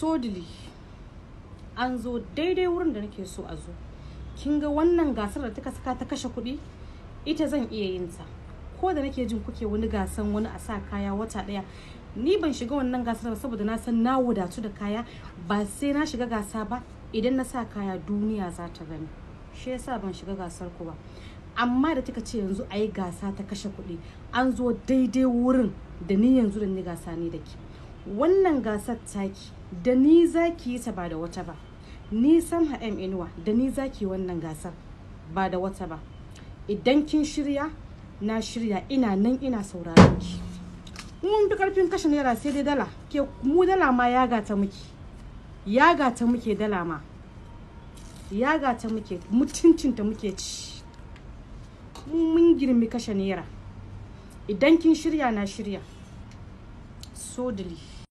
sodili an zo daidai wurin da nake so a zo kin ga wannan gasar da ta saka ta kashe kuɗi ita zan iya yin ta ko da nake jin kuke wani gasan wani a sa kaya wata ɗaya ni ban shiga wannan gasar ba saboda na san na wadatu da kaya ba sai na shiga gasa ba idan na sa kaya duniya za ta gani shi yasa ban shiga gasar ku ba amma da kika ce yanzu a yi gasa ta kashe kuɗi an zo daidai wurin da ni yanzu da ni gasa ne dake. wannan gasar taki da ni za ki yi ta ba da wata ba ni san ha'am inuwa da ni za ki wannan gasar ba da wata ba idan kin shirya na shirya ina nan ina sauraron ki mun fi karfin kashe naira sai dai dala ke mu dala ma ya gata muke ya gata muke dala ma ya gata muke mutuncinta muke ci mun girmi kashe naira idan kin shirya na shirya so delicious